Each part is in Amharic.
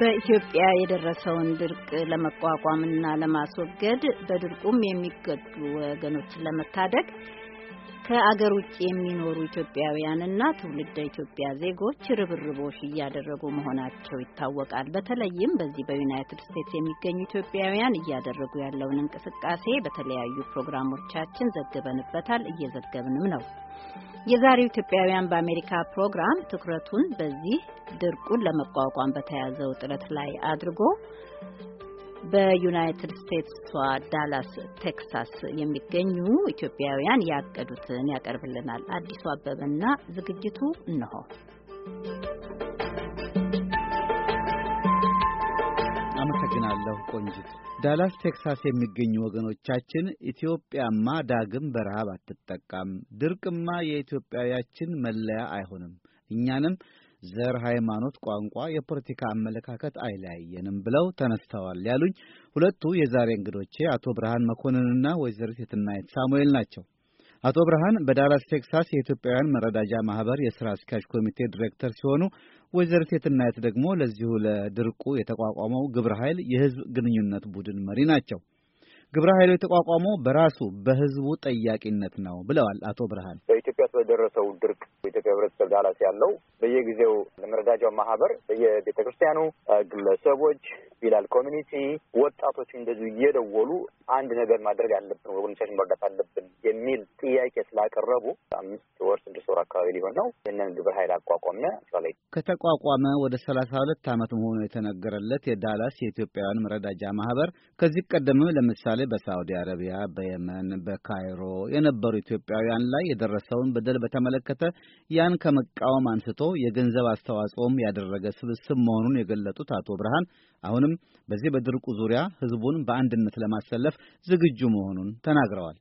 በኢትዮጵያ የደረሰውን ድርቅ ለመቋቋምና ለማስወገድ በድርቁም የሚገዱ ወገኖችን ለመታደግ ከአገር ውጭ የሚኖሩ ኢትዮጵያውያንና ትውልደ ኢትዮጵያ ዜጎች ርብርቦሽ እያደረጉ መሆናቸው ይታወቃል። በተለይም በዚህ በዩናይትድ ስቴትስ የሚገኙ ኢትዮጵያውያን እያደረጉ ያለውን እንቅስቃሴ በተለያዩ ፕሮግራሞቻችን ዘግበንበታል፣ እየዘገብንም ነው። የዛሬው ኢትዮጵያውያን በአሜሪካ ፕሮግራም ትኩረቱን በዚህ ድርቁን ለመቋቋም በተያዘው ጥረት ላይ አድርጎ በዩናይትድ ስቴትስዋ ዳላስ ቴክሳስ የሚገኙ ኢትዮጵያውያን ያቀዱትን ያቀርብልናል አዲሱ አበበና ዝግጅቱ እንሆ። አመሰግናለሁ ቆንጅት። ዳላስ ቴክሳስ የሚገኙ ወገኖቻችን ኢትዮጵያማ ዳግም በረሃብ አትጠቃም፣ ድርቅማ የኢትዮጵያውያችን መለያ አይሆንም፣ እኛንም ዘር፣ ሃይማኖት፣ ቋንቋ፣ የፖለቲካ አመለካከት አይለያየንም ብለው ተነስተዋል ያሉኝ ሁለቱ የዛሬ እንግዶቼ አቶ ብርሃን መኮንንና ወይዘሮ ሴትናየት ሳሙኤል ናቸው። አቶ ብርሃን በዳላስ ቴክሳስ የኢትዮጵያውያን መረዳጃ ማህበር የሥራ አስኪያጅ ኮሚቴ ዲሬክተር ሲሆኑ ወይዘሮ ሴትናየት ደግሞ ለዚሁ ለድርቁ የተቋቋመው ግብረ ኃይል የህዝብ ግንኙነት ቡድን መሪ ናቸው። ግብረ ኃይሉ የተቋቋመው በራሱ በህዝቡ ጠያቂነት ነው ብለዋል አቶ ብርሃን። በኢትዮጵያ ስለደረሰው ድርቅ በኢትዮጵያ ህብረተሰብ ዳላስ ያለው በየጊዜው ለመረዳጃው ማህበር በየቤተ ክርስቲያኑ ግለሰቦች፣ ቢላል ኮሚኒቲ፣ ወጣቶች እንደዚሁ እየደወሉ አንድ ነገር ማድረግ አለብን፣ ወገኖቻችን መርዳት አለብን የሚል ጥያቄ ስላቀረቡ አምስት ወር ስድስት ወር አካባቢ ሊሆን ነው ይህንን ግብረ ኃይል አቋቋምነ። ከተቋቋመ ወደ ሰላሳ ሁለት ዓመት መሆኑ የተነገረለት የዳላስ የኢትዮጵያውያን መረዳጃ ማህበር ከዚህ ቀደምም ለምሳሌ በሳዑዲ አረቢያ፣ በየመን፣ በካይሮ የነበሩ ኢትዮጵያውያን ላይ የደረሰውን በደል በተመለከተ ያን ከመቃወም አንስቶ የገንዘብ አስተዋጽኦም ያደረገ ስብስብ መሆኑን የገለጡት አቶ ብርሃን አሁንም በዚህ በድርቁ ዙሪያ ህዝቡን በአንድነት ለማሰለፍ ዝግጁ መሆኑን ተናግረዋል።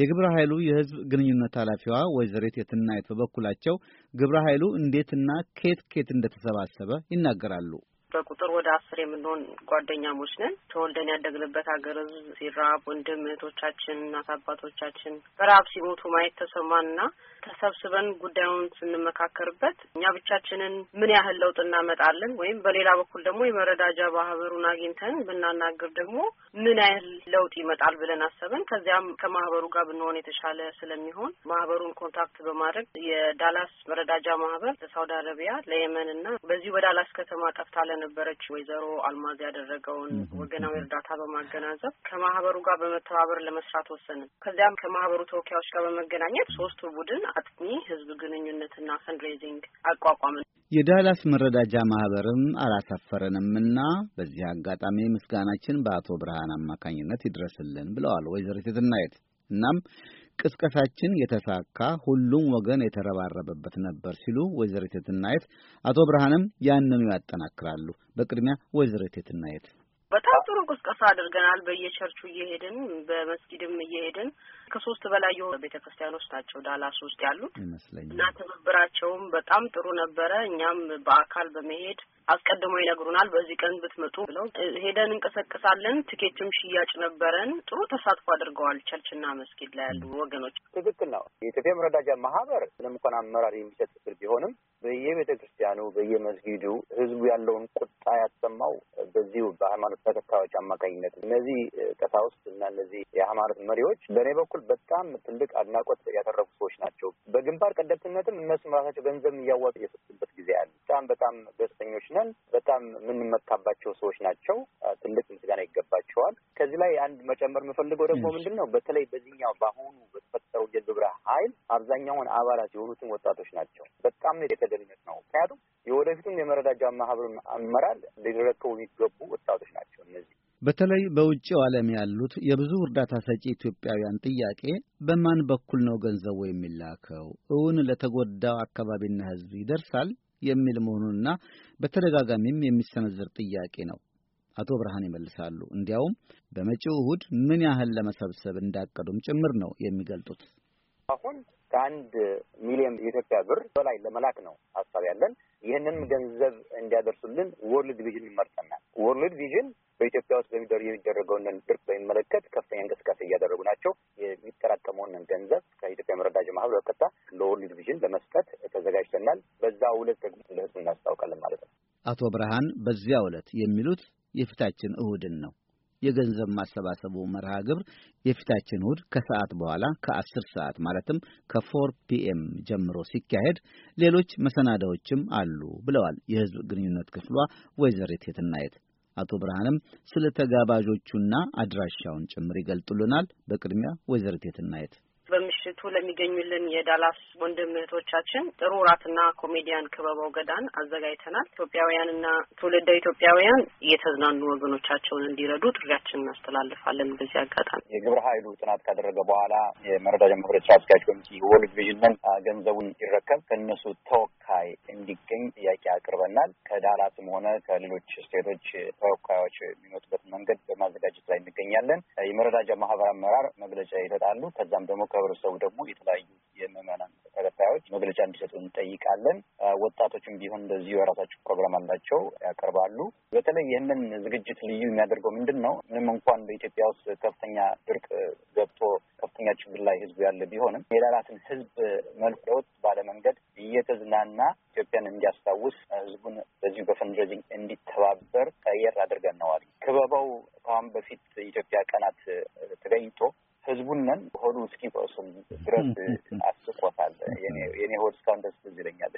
የግብረ ኃይሉ የህዝብ ግንኙነት ኃላፊዋ ወይዘሪት የትናየት በበኩላቸው ግብረ ኃይሉ እንዴትና ኬት ኬት እንደተሰባሰበ ይናገራሉ። በቁጥር ወደ አስር የምንሆን ጓደኛሞች ነን። ተወልደን ያደግንበት ሀገር ህዝብ ሲራብ ወንድም እህቶቻችን፣ እናት አባቶቻችን በረሀብ ሲሞቱ ማየት ተሰማንና ተሰብስበን ጉዳዩን ስንመካከርበት እኛ ብቻችንን ምን ያህል ለውጥ እናመጣለን ወይም በሌላ በኩል ደግሞ የመረዳጃ ማህበሩን አግኝተን ብናናግር ደግሞ ምን ያህል ለውጥ ይመጣል ብለን አሰብን። ከዚያም ከማህበሩ ጋር ብንሆን የተሻለ ስለሚሆን ማህበሩን ኮንታክት በማድረግ የዳላስ መረዳጃ ማህበር ለሳውዲ አረቢያ ለየመን እና በዚሁ በዳላስ ከተማ ጠፍታ ለነበረች ወይዘሮ አልማዝ ያደረገውን ወገናዊ እርዳታ በማገናዘብ ከማህበሩ ጋር በመተባበር ለመስራት ወሰንን። ከዚያም ከማህበሩ ተወካዮች ጋር በመገናኘት ሶስቱ ቡድን አጥኚ፣ ህዝብ ግንኙነትና ፈንድሬዚንግ አቋቋምን። የዳላስ መረዳጃ ማህበርም አላሳፈረንምና በዚህ አጋጣሚ ምስጋናችን በአቶ ብርሃን አማካኝነት ይድረስልን ብለዋል ወይዘሮ ሴትናየት። እናም ቅስቀሳችን የተሳካ ሁሉም ወገን የተረባረበበት ነበር ሲሉ ወይዘሮ ሴትናየት፣ አቶ ብርሃንም ያንኑ ያጠናክራሉ። በቅድሚያ ወይዘሮ ሴትናየት በጣም ጥሩ ቅስቀሳ አድርገናል። በየቸርቹ እየሄድን በመስጊድም እየሄድን ከሶስት በላይ የሆኑ ቤተ ክርስቲያኖች ናቸው ዳላስ ውስጥ ያሉት እና ትብብራቸውም በጣም ጥሩ ነበረ። እኛም በአካል በመሄድ አስቀድሞ ይነግሩናል። በዚህ ቀን ብትመጡ ብለው ሄደን እንቀሰቅሳለን። ትኬትም ሽያጭ ነበረን። ጥሩ ተሳትፎ አድርገዋል ቸርችና መስጊድ ላይ ያሉ ወገኖች። ትክክል ነው። የኢትዮጵያ መረዳጃ ማህበር ምንም እንኳን አመራር የሚሰጥ ክፍል ቢሆንም በየቤተ ክርስቲያኑ በየመስጊዱ ህዝቡ ያለውን ቁጣ ያሰማው በዚሁ በሃይማኖት ተከታዮች አማካኝነት። እነዚህ ቀሳውስት እና እነዚህ የሃይማኖት መሪዎች በእኔ በኩል በጣም ትልቅ አድናቆት ያተረፉ ሰዎች ናቸው። በግንባር ቀደምትነትም እነሱም ራሳቸው ገንዘብ እያዋጡ እየሰጡበት ጊዜ ያለ በጣም በጣም ደስተኞች ነን። በጣም የምንመካባቸው ሰዎች ናቸው። ትልቅ ምስጋና ይገባቸዋል። ከዚህ ላይ አንድ መጨመር የምፈልገው ደግሞ ምንድን ነው በተለይ በዚህኛው በአሁኑ በተፈጠረው የግብረ ኃይል አብዛኛውን አባላት የሆኑትን ወጣቶች ናቸው። በጣም ነው ነው። ምክንያቱም የወደፊቱም የመረዳጃ ማህበር አመራር ሊረከቡ የሚገቡ ወጣቶች ናቸው እነዚህ በተለይ በውጭው ዓለም ያሉት የብዙ እርዳታ ሰጪ ኢትዮጵያውያን ጥያቄ በማን በኩል ነው ገንዘቡ የሚላከው፣ እውን ለተጎዳው አካባቢና ሕዝብ ይደርሳል የሚል መሆኑንና በተደጋጋሚም የሚሰነዘር ጥያቄ ነው። አቶ ብርሃን ይመልሳሉ። እንዲያውም በመጪው እሁድ ምን ያህል ለመሰብሰብ እንዳቀዱም ጭምር ነው የሚገልጡት። አሁን ከአንድ ሚሊዮን የኢትዮጵያ ብር በላይ ለመላክ ነው ሀሳብ ያለን። ይህንም ገንዘብ እንዲያደርሱልን ወርልድ ቪዥን ይመርጠናል። ወርልድ ቪዥን በኢትዮጵያ ውስጥ የሚደረገውን ድርቅ በሚመለከት ከፍተኛ እንቅስቃሴ እያደረጉ ናቸው። የሚጠራቀመውን ገንዘብ ከኢትዮጵያ መረዳጃ ማህበር በቀጥታ ለወርልድ ቪዥን ለመስጠት ተዘጋጅተናል። በዛ ዕለት ደግሞ ለህዝብ እናስታውቃለን ማለት ነው። አቶ ብርሃን በዚያ ዕለት የሚሉት የፊታችን እሁድን ነው። የገንዘብ ማሰባሰቡ መርሃ ግብር የፊታችን እሁድ ከሰዓት በኋላ ከአስር ሰዓት ማለትም ከፎር ፒኤም ጀምሮ ሲካሄድ ሌሎች መሰናዳዎችም አሉ ብለዋል የህዝብ ግንኙነት ክፍሏ ወይዘሪት የትናየት። አቶ ብርሃንም ስለ ተጋባዦቹና አድራሻውን ጭምር ይገልጡልናል። በቅድሚያ ወይዘሪት የትናየት በምሽቱ ለሚገኙልን የዳላስ ወንድም እህቶቻችን ጥሩ እራትና ኮሜዲያን ክበበው ገዳን አዘጋጅተናል። ኢትዮጵያውያንና ትውልደ ኢትዮጵያውያን እየተዝናኑ ወገኖቻቸውን እንዲረዱ ጥሪያችን እናስተላልፋለን። በዚህ አጋጣሚ የግብረ ኃይሉ ጥናት ካደረገ በኋላ የመረዳ ጀምሮ ስራ አስኪያጅ ኮሚቴ ወርልድ ቪዥንን ገንዘቡን ሲረከብ ከእነሱ ተወካይ እንዲገኝ ጥያቄ አቅርበናል። ከዳላስም ሆነ ከሌሎች ስቴቶች ተወካዮች የሚመጡበት መንገድ በማዘጋጀት ላይ እንገኛለን። የመረዳጃ ማህበር አመራር መግለጫ ይሰጣሉ። ከዛም ደግሞ ማህበረሰቡ ደግሞ የተለያዩ የምዕመናን ተከታዮች መግለጫ እንዲሰጡ እንጠይቃለን። ወጣቶችም ቢሆን እንደዚሁ የራሳቸው ፕሮግራም አላቸው ያቀርባሉ። በተለይ ይህንን ዝግጅት ልዩ የሚያደርገው ምንድን ነው? ምንም እንኳን በኢትዮጵያ ውስጥ ከፍተኛ ድርቅ ገብቶ ከፍተኛ ችግር ላይ ህዝቡ ያለ ቢሆንም የዳላትን ህዝብ መልክ ለውጥ ባለመንገድ እየተዝናና ኢትዮጵያን እንዲያስታውስ ህዝቡን በዚሁ በፈንድሬዚንግ እንዲተባበር ቀየር አድርገን ነዋል። ክበባው ከአሁን በፊት ኢትዮጵያ ቀናት ተገኝቶ ህዝቡን ነን ሆዱ እስኪቆስም ድረስ አስቆታል። የኔ ሆድ እስካሁን ደስ ትዝ ይለኛል፣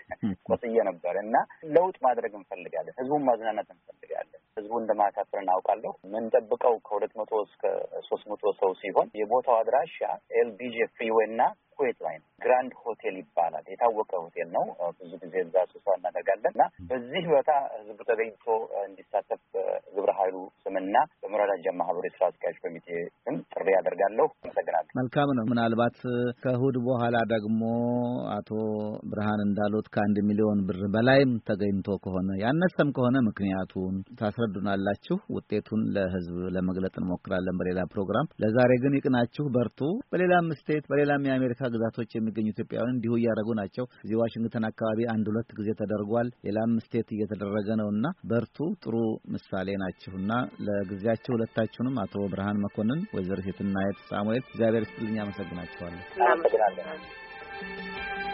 ቆስዬ ነበር እና ለውጥ ማድረግ እንፈልጋለን። ህዝቡን ማዝናናት እንፈልጋለን። ህዝቡ እንደማካፍል እናውቃለሁ። ምንጠብቀው ከሁለት መቶ እስከ ሶስት መቶ ሰው ሲሆን የቦታው አድራሻ ኤልቢጄ ፍሪዌይ እና ኩዌት ላይ ነው። ግራንድ ሆቴል ይባላል። የታወቀ ሆቴል ነው። ብዙ ጊዜ እዛ ስብሰባ እናደርጋለን እና በዚህ ቦታ ህዝቡ ተገኝቶ እንዲሳተፍ ግብረ ኃይሉ ስምና በሙራድ ማህበሩ የስራ አስኪያጅ ኮሚቴ ስም ጥሪ ያደርጋለሁ። አመሰግናለሁ። መልካም ነው። ምናልባት ከእሁድ በኋላ ደግሞ አቶ ብርሃን እንዳሉት ከአንድ ሚሊዮን ብር በላይም ተገኝቶ ከሆነ ያነሰም ከሆነ ምክንያቱን ታስረዱናላችሁ። ውጤቱን ለህዝብ ለመግለጥ እንሞክራለን በሌላ ፕሮግራም። ለዛሬ ግን ይቅናችሁ፣ በርቱ። በሌላም ስቴት በሌላም የአሜሪካ በአሜሪካ ግዛቶች የሚገኙ ኢትዮጵያውያን እንዲሁ እያደረጉ ናቸው። እዚህ ዋሽንግተን አካባቢ አንድ ሁለት ጊዜ ተደርጓል። ሌላም ስቴት እየተደረገ ነው እና በርቱ፣ ጥሩ ምሳሌ ናችሁ እና ለጊዜያቸው ሁለታችሁንም አቶ ብርሃን መኮንን፣ ወይዘሮ ሴትናየት ሳሙኤል እግዚአብሔር ይስጥልኝ። አመሰግናችኋለሁ።